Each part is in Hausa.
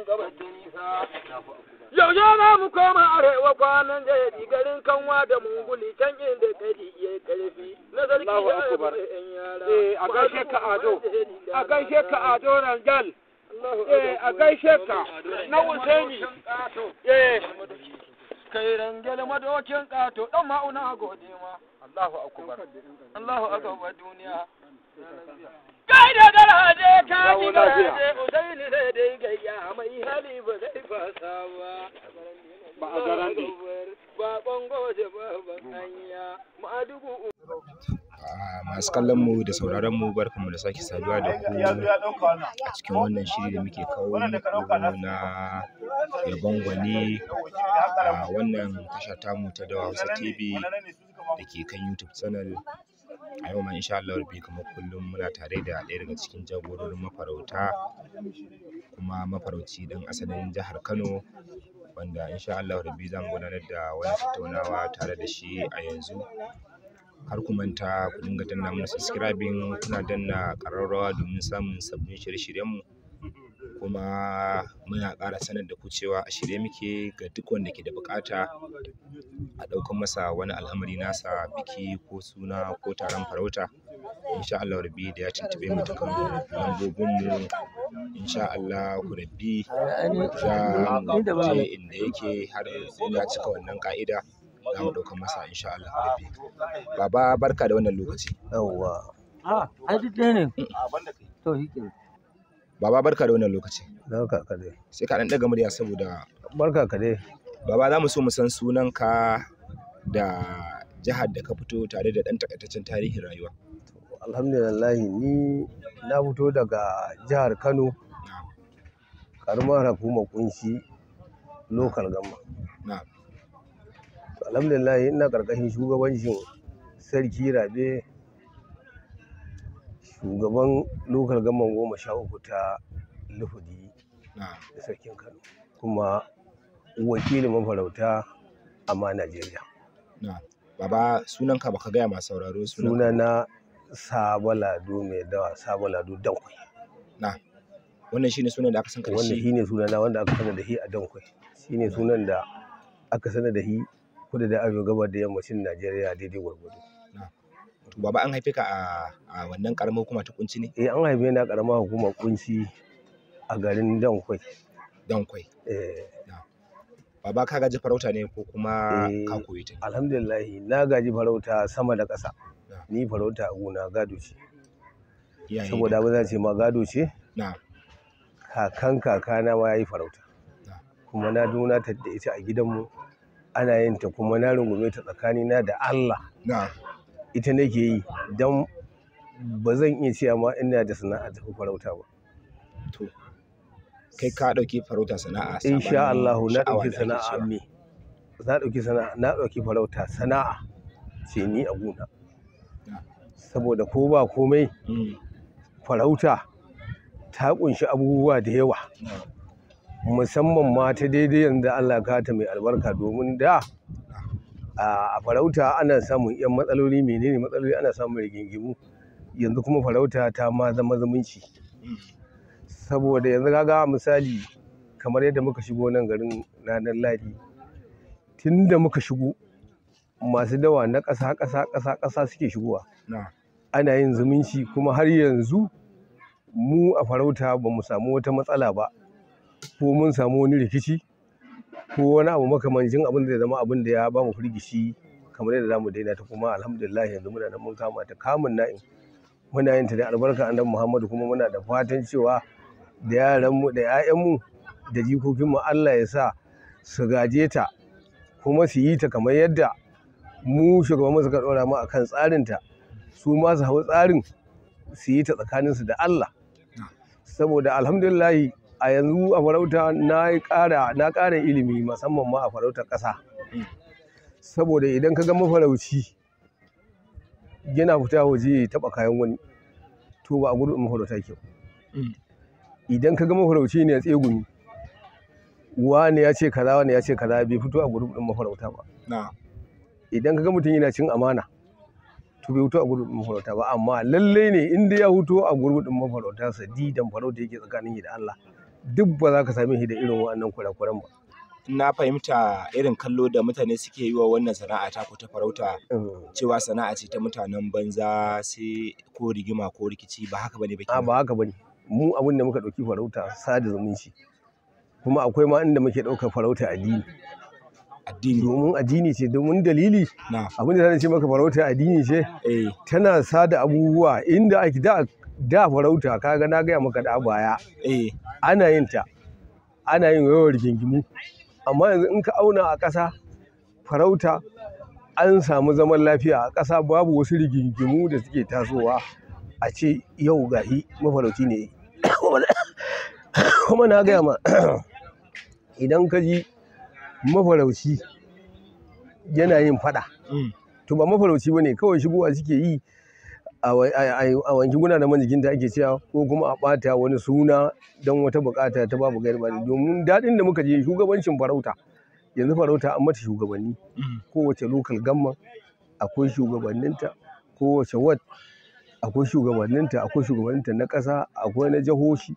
yau gabar Yaushe mu koma arewa kwanan jayadi garin kanwa da munguli can inda gari iya karfi na zarki da yan yara. Eh, a gaishe ka ado, eh, a gaishe ka ado Rangal. a gaishe ka na Usaini. Eh. Kai Rangal madokin kato dan ma'una gode ma. Allahu akubar. Allahu akubar duniya. kai da daraje ka ji garaje usaini sai dai gayya mai hali ba zai fasa ba ba a garanti ba bangoje ba ban hanya madugu masu kallon mu da sauraron mu barkanmu da sake saduwa da ku a cikin wannan shiri da muke kawo muku na yabon gwani a wannan tasha tamu ta dawa hausa tv da ke kan youtube channel a yau ma insha Allah rabbi kamar kullum muna tare da ɗaya daga cikin jagororin mafarauta kuma mafarauci ɗan asalin jihar Kano wanda insha Allah rabbi za gudanar da wani tattaunawa tare da shi a yanzu har ku manta ku dinga danna mana subscribing kuna danna ƙararrawa domin samun sabbin shirye-shiryenmu kuma muna ƙara sanar da ku cewa a shirye muke ga duk wanda ke da buƙata a ɗaukan masa wani al'amari nasa biki ko suna ko taron farauta insha Allah rabbi da ya tuntuɓe mu dukkan lambobin mu insha Allah rabbi za mu je inda yake har sai ya cika wannan ka'ida za mu ɗaukan masa insha Allah rabbi baba barka da wannan lokaci yawwa a ah, ai duk ne to shi Baba barka da wannan lokaci. Barka ka dai. Sai ka dan daga murya saboda Barka ka dai. Baba za mu so mu san sunanka da jihar da ka fito tare da dan takaitaccen tarihin rayuwa. Alhamdulillah ni na fito daga jihar Kano. Karamar hukumar kunshi local gamma. Na'am. Alhamdulillah ina karkashin shugabancin Sarki Rabe shugaban lokal gaman goma sha uku ta lufudi da sarkin kano kuma wakilin mafarauta a ma najeriya baba sunanka baka gaya ma sauraro suna na sabalado mai dawa sabalado dankwai na wannan shine sunan da aka san ka wannan shine sunan na wanda aka sanar da shi a dankwai shine sunan da aka sanar da shi kudu da arewa gabar da yammacin najeriya daidai gwargwado to baba an haife ka a wannan karamar hukuma ta kunci ne eh an haife ni a karamar hukuma kunci a garin dankwai dankwai eh baba ka gaji farauta ne ko kuma ka eh, koyi ta alhamdulillah na gaji farauta sama da ƙasa ni farauta a gona gado ce saboda abin zan ce ma gado ce kakan kakana ma yayi farauta kuma na zo na tadda ita a gidanmu ana yin ta kuma na rungume ta tsakanina da Allah ita nake yi don ba zan iya cewa ma ina da sana'a ta farauta ba. To, kai ka ɗauki farauta sana'a. Insha Allah na ɗauki sana'a me. Na ɗauki sana'a, na ɗauki farauta sana'a ce ni a gona. Saboda ko ba komai mm. farauta ta ƙunshi abubuwa da yawa. Mm. Musamman ma ta daidai yanzu Allah ka ta mai albarka domin da a farauta ana samun yan matsaloli menene matsaloli ana samun rigingimu yanzu kuma farauta ta ma zama zumunci saboda yanzu kaga misali kamar yadda muka shigo nan garin ranar ladi tun da muka shigo masu dawa na ƙasa ƙasa ƙasa ƙasa suke shigowa ana yin zumunci kuma har yanzu mu a farauta ba mu samu wata matsala ba ko mun samu wani rikici ko wani abu makamancin abin da zama abin da ya bamu firgishi kamar yadda zamu daina ta kuma alhamdulillah yanzu muna nan mun kama ta kamun na'in muna yin ta da albarka annab Muhammadu kuma muna da fatan cewa da yaranmu da 'ya'yanmu da jikokinmu Allah ya sa su gaje ta kuma su yi ta kamar yadda mu shugaban suka ɗora mu akan tsarin ta su ma su hau tsarin su yi ta tsakaninsu da Allah saboda alhamdulillahi a yanzu a farauta na ƙara na ƙara ilimi musamman ma a farautar ƙasa saboda idan ka ga mafarauci yana fita waje ya taɓa kayan wani to ba a gudu mafarauta kyau idan ka ga mafarauci ne ya tsegumi wani ya ce kaza wani ya ce kaza bai fito a gudu in mafarauta ba idan ka ga mutum yana cin amana to bai fito a gurbin mafarauta ba amma lallai ne inda ya fito a gurbin mafarauta didan farauta yake tsakanin da Allah duk ba za ka same shi da irin wannan kurakuran ba na fahimta irin kallo da mutane suke yi wa wannan sana'a ta ku ta farauta eh. cewa sana'a ce ta mutanen banza sai ko rigima ko rikici ba haka bane ba ba haka bane mu abin da muka dauki farauta sada zumunci kuma akwai ma inda muke dauka farauta addini addini domin addini ce domin dalili abin da zan ce maka farauta addini ce eh. tana sada abubuwa inda ake da da farauta kaga na gaya maka da baya eh ana yin ta ana yin yawar amma yanzu in ka auna a ƙasa farauta an samu zaman lafiya a ƙasa babu wasu rigingimu da suke tasowa a ce yau gahi mafarauci ne kuma na gaya ma idan ka ji mafarauci yana yin fada mm. to ba mafarauci ba ne kawai shigowa suke yi a wanki gunanaman jikinta ake cewa ko kuma a bata wani suna don wata buƙata ta babu gari ba domin daɗin da muka je shugabancin farauta yanzu farauta an mata shugabanni mm. kowace local gamma akwai shugabanninta kowace ward akwai shugabanninta akwai shugabanninta na ƙasa akwai na jahoshi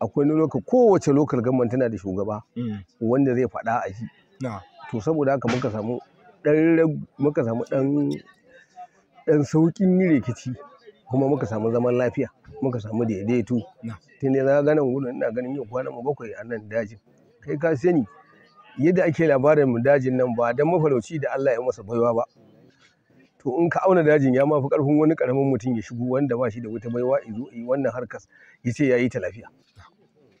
akwai na local kowace local gamma tana da shugaba mm. wanda zai faɗa a shi to saboda haka muka samu ɗan muka samu ɗan ɗan sauƙin rikici kuma muka samu zaman lafiya muka samu daidaito tun da na ganin gudun ina ganin yau kwana mu bakwai a nan dajin kai ka sani yadda ake labarin mu dajin nan ba dan mafalauci da Allah ya masa baiwa ba to in ka auna dajin ya mafi karfin wani karamin mutum ya shigo wanda ba shi da wata baiwa zo yi wannan harkas ya ce ya yi ta lafiya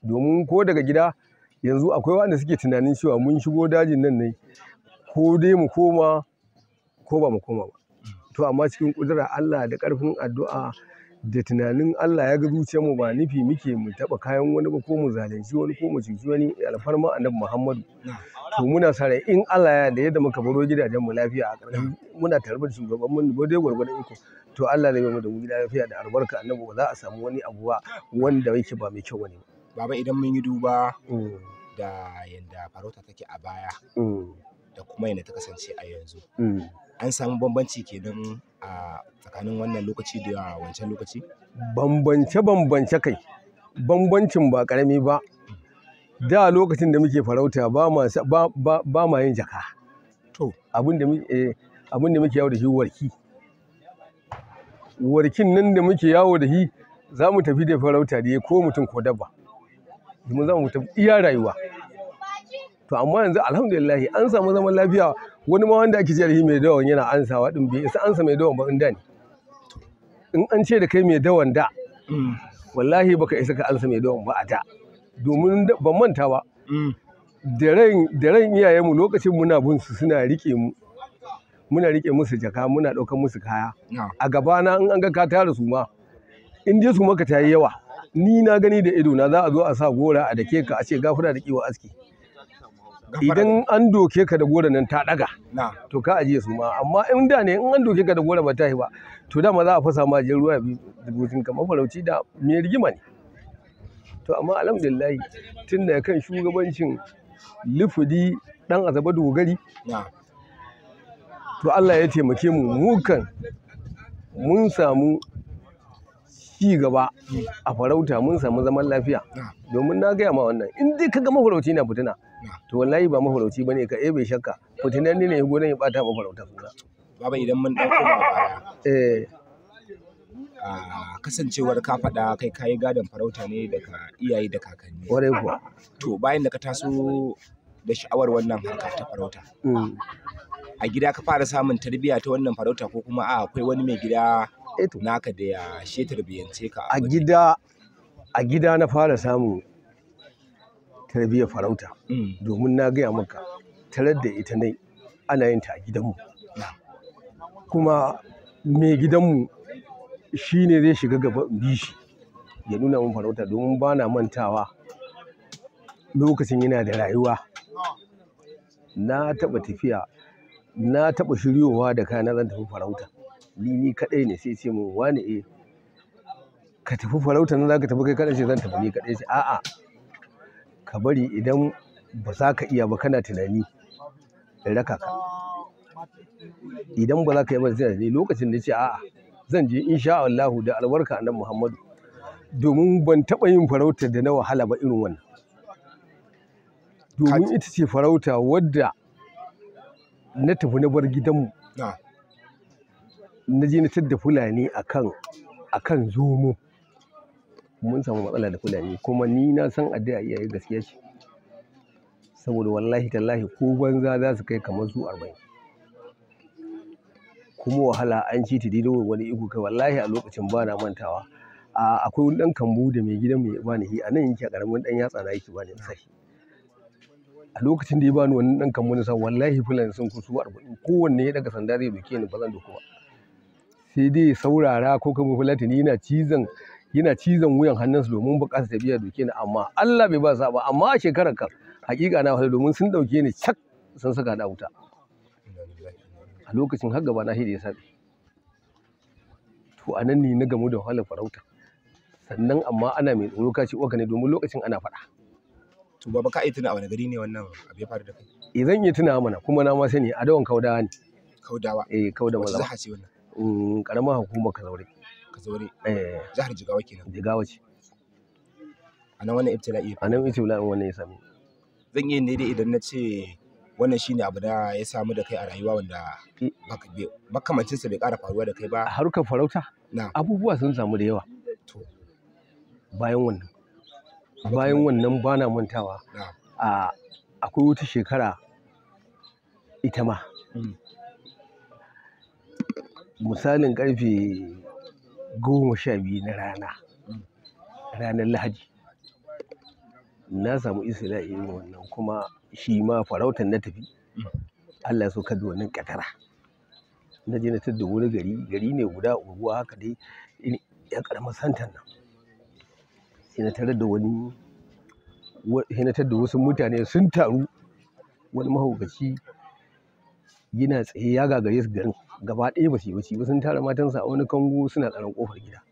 domin ko daga gida yanzu akwai wanda suke tunanin cewa mun shigo dajin nan ne ko dai mu koma ko ba mu koma ba To amma cikin kudura Allah da karfin addu'a da tunanin Allah ya ga zuciyar mu ba nufi muke mu taba kayan wani ba ko mu zalunci wani ko mu cuci wani alfarma annabi Muhammadu. To muna sa in Allah ya da yadda muka baro gidajen mu lafiya a ƙarƙashin muna tarbar shugaban mu ko dai gwargwadon iko. To Allah zai mu da mu gida lafiya da albarka annabi ba za a samu wani abu wanda yake ba mai kyau wani. Baba idan mun yi duba mm. da yadda farauta take a baya. Mm. da kuma yadda ta kasance a yanzu mm. an samu bambanci kenan a tsakanin wannan lokaci da wancan lokaci bambance bambance kai bambancin ba karami ba da lokacin da muke farauta ba ma yin jaka to eh, abin da muke yawo da shi warki warkin nan da muke yawo da shi za mu tafi da farauta da ya ko mutum ko dabba domin za mu tafi iya rayuwa to amma yanzu alhamdulillah an samu zaman lafiya wani ma wanda ake jarihi mai dawan yana ansawa din bai isa ansa mai dawan ba inda ne in an ce da kai mai dawan da mm. wallahi baka isa ka ansa mai dawan ba a da domin ban manta ba mm. da ran iyayenmu lokacin muna bin su suna rike mu muna rike musu jaka muna daukar musu kaya a gabana in an ga ka tara su ma in dai su maka ta yi yawa ni na gani da ido na za a zo a sa gora a dake ka a ce gafura da kiwa aski idan an doke ka da gora nan ta daga to ka ajiye su ma amma in da ne in an doke ka da gora ba ta yi ba to dama za a fasa ma jin ruwa dubutin kamar farauci da mai rigima ne to amma alhamdulillah tun da kan shugabancin lifudi dan azaba dogari to Allah ya taimake mu mukan mun samu ci gaba hmm. a farauta mun samu zaman lafiya domin na gaya ma wannan in dai ka ga mafarauci na fituna. to wallahi ba mafarauci bane ka eh, bai shakka fitinan ne gonan ya bata mafarauta kuma baba idan mun dauko ba eh ah, kasancewar ka faɗa kai kayi gadon farauta ne daga iyaye da kakanni kuwa to bayan da ka taso da sha'awar wannan harka ta farauta mm. a gida ka fara samun tarbiyya ta wannan farauta ko kuma a akwai wani mai gida eh naka da ya she tarbiyyance ka a gida a gida na fara samu. tarbiyyar farauta mm. domin na gaya maka tarar da ita ne ana yin ta a gidanmu kuma mai gidanmu shi ne zai shiga gaba bishi ya nuna min farauta domin ba na mantawa lokacin yana da rayuwa na taɓa tafiya na taɓa shiryowa da kaya na zan tafi farauta ni ni kaɗai ne sai ce min wani eh ka tafi farauta na za ka tafi kai kaɗai ce zan tafi ni kaɗai sai a'a ka bari idan ba za ka iya ba kana tunani in raka ka idan ba za ka yi ba zai da lokacin da ce a'a zan je insha Allah da albarka nan Muhammadu domin ban taɓa yin farauta da na wahala ba irin wannan domin ita ce farauta wadda na tafi na bar gidanmu na je na tadda fulani akan akan zomo mun samu matsala da Fulani kuma ni na san addu'a iyaye gaskiya ce. Saboda wallahi tallahi ko banza za su kai kamar su arba'in. Kuma wahala an ci ta daidai wani iko kai wallahi a lokacin ba na mantawa. A akwai wani dan kambu da mai gidan mu ya bani shi a nan yake ƙaramin dan yatsa na yake bani na shi. A lokacin da ya bani wani dan kambu na sa wallahi Fulani sun kusu arba'in kowanne ya daga sanda zai doke ni ba zan doku ba. Sai dai saurara ko kuma Fulatani yana cizon yana cizon wuyan hannunsu domin bukasa tafiya doke ni amma Allah bai ba sa ba amma a shekarar kan hakika na wahala domin sun dauke ni cak sun saka da wuta a lokacin har gaba na hidi ya sabe to anan ne na gamu da wahalar farauta sannan amma ana mai tsoro kace uwaka ne domin lokacin ana fada to baba ka tuna a wani gari ne wannan abu ya faru da kai eh zan iya tuna mana kuma na ma sani adawan kaudawa ne kaudawa eh kaudawa zaha ce wannan karamar mm, hukumar kazaure kazaure eh. jihar jigawa kenan jigawa ce a nan wannan ibtila'i a nan ibtila'in wannan ya sami zan yi ne dai idan na ce wannan shine abu da ya samu da kai a rayuwa wanda makamancinsa bai ƙara faruwa da kai ba a harkar farauta abubuwa sun samu da yawa bayan wannan bayan wannan bana mantawa a akwai wata shekara ita ma hmm. misalin karfe goma sha biyu na rana ranar lahadi na samu isra'i wannan kuma shi ma farautar na tafi allah so kada wannan katara na je na tadda wani gari gari ne guda unguwa haka dai ya karama santan nan sai da wasu mutane sun taru wani mahaukaci yana tsaye ya gagare su garin gaba ɗaya ba su yi bacci ba sun tara matansa a wani kango suna tsaron ƙofar gida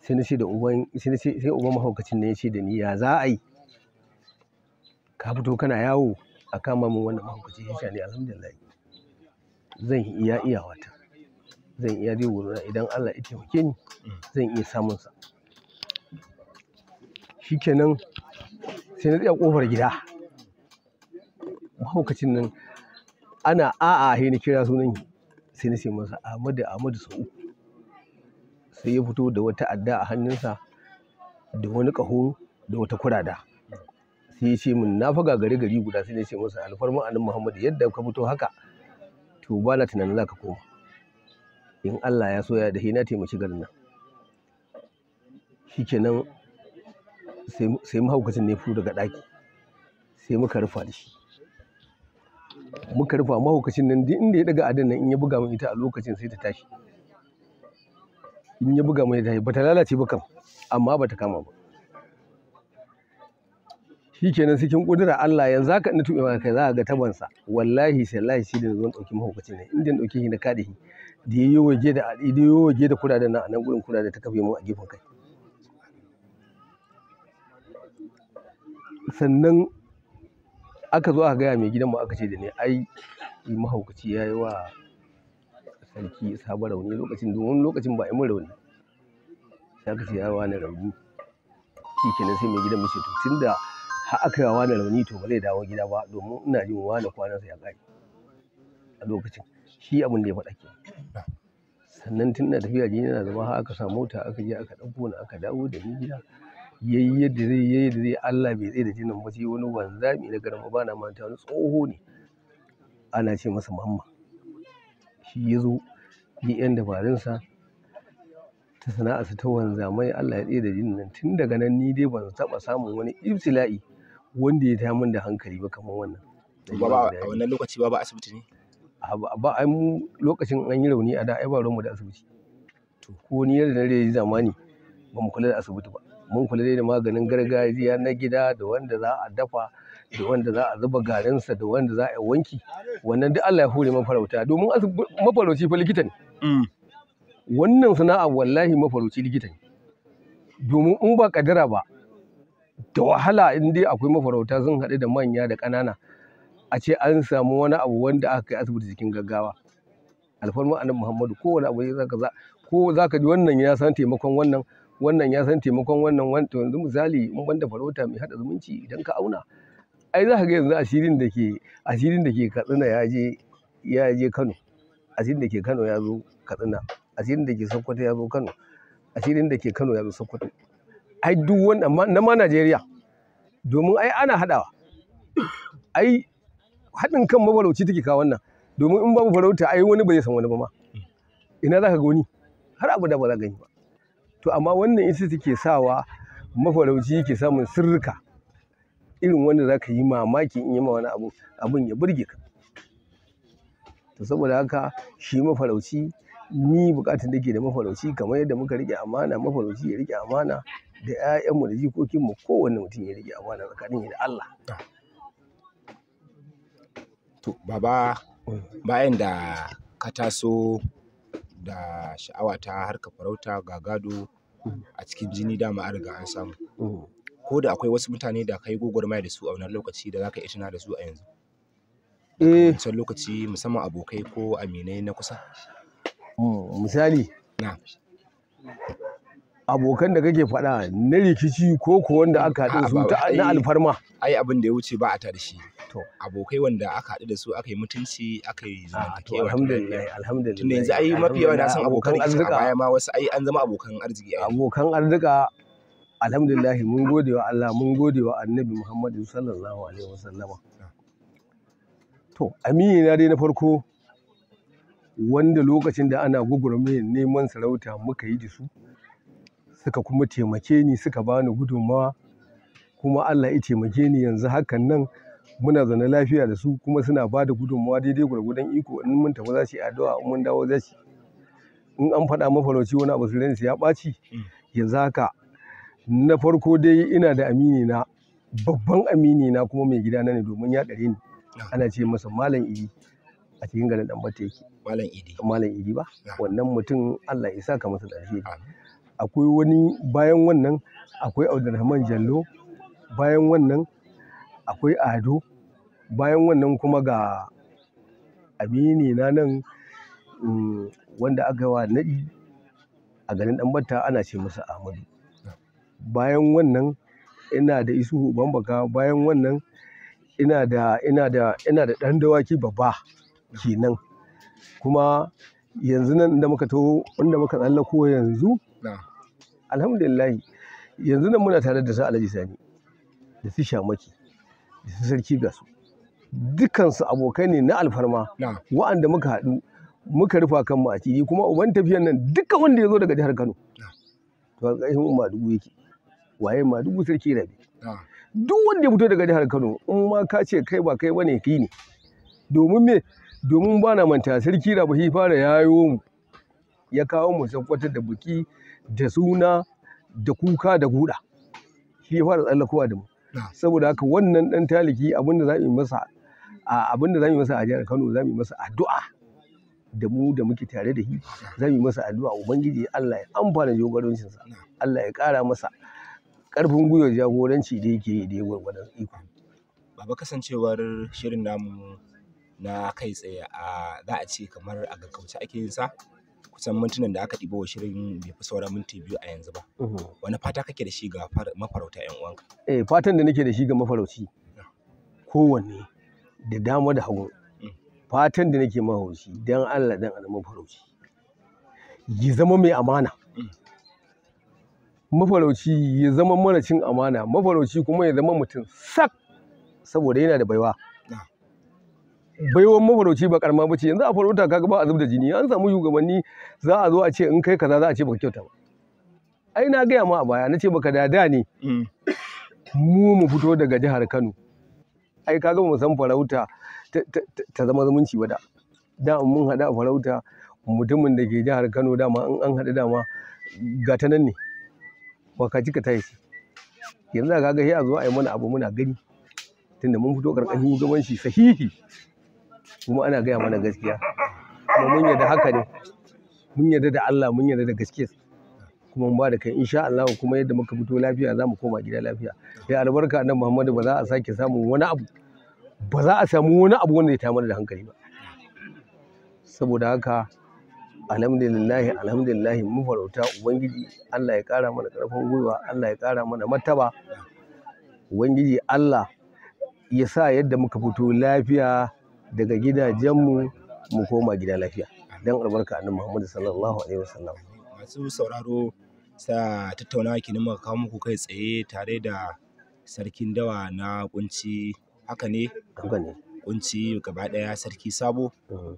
sai na ce da uban sai uban mahaukacin ne ya ce da ni ya za a yi ka fito kana yawo a kama min wannan mahaukaci ya ne alhamdulillah zan iya iyawata zan iya dai wurina idan Allah ya taimake ni zan iya samun sa shikenan sai na tsaya kofar gida mahaukacin nan ana a'a he kira sunan sai na ce masa Ahmadu Ahmadu sau uku sai ya fito da wata adda a hannunsa da wani ƙaho da wata kurada sai ya ce min na faga gari gari guda sai na ce masa alfarma anan Muhammadu yadda ka fito haka to ba na tunanin za ka koma in Allah ya soya da na taimaki garin nan shikenan sai mahaukacin ne fito daga daki, sai muka rufa da shi muka rufa mahaukacin nan duk inda ya daga adin nan in ya buga min ita a lokacin sai ta tashi in ya buga min ita ba ta lalace ba kam amma ba ta kama ba shi kenan cikin kudura Allah yanzu haka ina tuɓe maka za ka ga tabansa wallahi sai lahi shi da zan ɗauki mahaukacin nan inda ɗauke shi na kaɗe shi da ya yi waje da da waje da kudaden nan a nan gurin kudaden ta kafe mu a gefen kai sannan aka zo aka gaya mai gidanmu aka ce da ni ai mahaukaci ya yi wa sarki sabon rauni lokacin domin lokacin ba a yi mun rauni Ya ka ce ya wani rauni shi kenan sai mai gidan ce to da har aka yawa wani rauni to ba zai dawo gida ba domin ina jin wani kwanansa ya kai a lokacin shi abin da ya faɗa ke sannan tun na tafiya jini na zama har aka samu mota aka je aka ɗauko na aka dawo da ni gida yayi yadda zai yi, yayi yadda zai yi Allah bai jinin ba sai wani wanzami na garin bana manta wani tsoho ne ana ce masa Mamman. Shi ya zo yi 'yan dabarunsa ta sana'arsa ta wanzamai Allah ya da jinin nan. Tun daga nan ni dai ban taɓa samun wani ibtila'i wanda ya tayar min da hankali ba kamar wannan. a wannan lokaci ba asibiti ne? Ba mu lokacin an yi rauni a da ba mu da asibiti. To ko ni yadda na yi zamani. ba mu kula da asibiti ba mun kula da maganin gargajiya na gida da wanda za a dafa da wanda za a zuba garinsa da wanda za a yi wanki wannan duk Allah ya hore mafarauta domin mafarauci fa likita ne mm. wannan sana'a wallahi mafarauci likita ne domin in ba kadara ba da wahala in dai akwai mafarauta sun haɗu da manya da ƙanana a ce an samu wani abu wanda aka kai asibiti cikin gaggawa alfarma annabi muhammadu kowane abu zaka za ko zaka ji wannan ya san taimakon wannan wannan ya san taimakon wannan wanda yanzu misali in banda farauta mai haɗa zumunci idan ka auna ai za ka ga yanzu asirin da ke asirin da ke katsina ya je ya je kano asirin da ke kano ya zo katsina asirin da ke sokoto ya zo kano asirin da ke kano ya zo sokoto ai duk wanda na ma najeriya domin ai ana haɗawa ai haɗin kan mafarauci take kawo wannan domin in babu farauta ai wani ba zai san wani ba ma ina za ka ga wani har abu da ba za gani ba To amma wannan ita take sawa mafarauci yake samun sirrika irin wanda za ka yi mamaki in yi ma wani abu abin ya burge ka. To saboda haka shi mafarauci ni bukatun da ke da mafarauci kamar yadda muka rike amana mafarauci ya rike amana da 'ya'yanmu da jikokinmu kowanne mutum ya rike amana tsakanin da Allah. To baba bayan da ka taso da sha'awa ta harkar farauta ga gado a cikin jini dama an riga an samu mm. ko da akwai wasu mutane da kai gwagwarmaya da su a wannan lokaci da zaka iya da su a yanzu eh. wancan lokaci musamman abokai ko aminai na kusa mm, misali abokan da kake faɗa na rikici ko ko wanda aka haɗu su na alfarma ai abin da ya wuce ba a ta da shi to abokai wanda aka haɗu da su aka yi mutunci aka yi zamantakewa alhamdulillah alhamdulillah tunda yanzu ai mafi yawa na san abokan arzika baya ma wasu ai an zama abokan arziki abokan arzika alhamdulillah mun gode wa Allah mun gode wa Annabi Muhammad sallallahu alaihi wasallama to amini na dai na farko wanda lokacin da ana gugurumin neman sarauta muka yi da su suka kuma taimake ni suka bani gudunmawa kuma Allah ya taimake ni yanzu hakan nan muna zaune lafiya da su kuma suna ba da gudunmawa daidai gwargwadon iko in mun tafi za su yi addu'a in mun dawo za su in an faɗa mafarauci wani abu su ya ɓaci yanzu haka na farko dai ina da amini na babban amini na kuma mai gida na ne domin ya ɗare ni ana ce masa malam idi a cikin garin ɗan yake malam idi malam idi ba wannan mutum Allah ya saka masa ƙarshe Akwai wani bayan wannan akwai abdulrahman Jallo, bayan wannan akwai Ado, bayan wannan kuma ga Amini na nan mm, wanda aka yi wa naɗi a garin batta ana ce masa Amadu. Bayan wannan ina da isu Bambaka, bayan wannan ina da, ina da, ina da ɗan dawaki babba kenan. Kuma yanzu nan inda muka taho, inda muka tsallako yanzu. alhamdulillah yanzu nan muna tare da su alhaji sani da su shamaki da su sarki gasu dukansu abokai ne na alfarma wa'anda muka haɗu muka rufa kanmu a ciki kuma uban tafiyan nan duka wanda ya zo daga jihar kano to a ƙarshen dubu yake waye dubu sarki rabi duk wanda ya fito daga jihar kano in ma ka ce kai ba kai bane kai ne domin me domin ba na manta sarki rabi shi fara yayo mu ya kawo mu sakwatar da buki da suna da kuka da guda shi ya fara tsallakowa da mu saboda haka wannan dan taliki abinda za mu yi masa abinda za mu yi masa a jihar Kano za mu yi masa addu'a da mu da muke tare da shi za mu yi masa addu'a ubangiji Allah ya amfana jagorancin sa Allah ya kara masa karfin gwiwa jagoranci da yake da ya gwargwadon iko baba kasancewar shirin namu na kai tsaye a za a ce kamar a gaggauce ake yin sa kusan mintunan da aka ɗiba wa shirin bai fi sauran minti biyu a yanzu ba wani fata kake da shi ga mafarauta yan uwanka eh fatan da nake da shi ga mafarauci ah. kowanne da dama da hagu mm. fatan da nake mafarauci don Allah don Allah mafarauci ya zama mai amana mm. mafarauci ya zama mara cin amana mafarauci kuma ya zama mutum sak saboda yana da baiwa baiwan mafarauci ba karma ce yanzu a farauta kaga ba a zub da jini an samu shugabanni za a zo a ce in kai kaza za a ce baka kyauta ba ai na gaya ma a baya na ce baka dada ne mm. mu mu fito daga jihar Kano ai kaga mu san farauta ta zama zumunci ba da da mun hada a farauta mutumin da ke jihar Kano dama in an hada dama ga ta nan ne ba ka ta yi yanzu kaga sai a zo a yi mana abu muna gani tunda mun fito ƙarƙashin shugabanci sahihi kuma ana gaya mana gaskiya kuma mun yarda haka ne mun yarda da Allah mun yarda da gaskiya kuma mun ba da kai insha Allah kuma yadda muka fito lafiya za mu koma gida lafiya ya albarka annabi Muhammadu ba za a sake samun wani abu ba za a samu wani abu wanda ya mana da hankali ba saboda haka alhamdulillahi alhamdulillahi farauta ubangiji Allah ya kara mana karfin gwiwa Allah ya kara mana mataba ubangiji Allah ya sa yadda muka fito lafiya daga gidajenmu mu koma gida lafiya don albarka annabi Muhammadu sallallahu alaihi wasallam masu sauraro sa tattaunawa kenan muka kawo muku kai tsaye tare da sarkin dawa na kunci haka ne haka ne kunci gaba daya sarki sabo mm.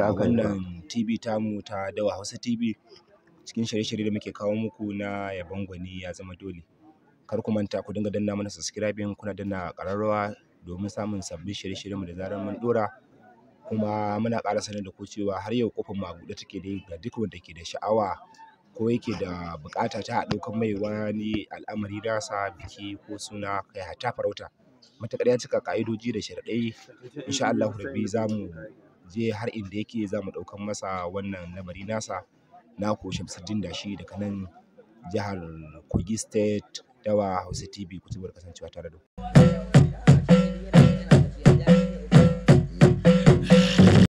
a wannan tv tamu ta dawa hausa tv cikin shirye-shirye da muke kawo muku na yabon gwani ya zama dole kar ku manta ku dinga danna mana subscribing kuna danna ƙararrawa domin samun sabbin shirye-shiryenmu da zarar mun dora Kuma muna ƙara sanar da ku cewa har yau ƙofar mu a buɗe take dai ga duk wanda ke da sha'awa ko yake da buƙata ta a ɗaukar mai wani al'amari nasa biki ko suna kai hatta farauta. Matuƙar ya cika ƙa'idoji da sharaɗai insha Allah rabbi za mu je har inda yake za mu ɗaukar masa wannan lamari nasa. na ko Shamsuddin shi daga nan jihar Kogi State Dawa Hausa TV ku ci kasancewa tare da ku.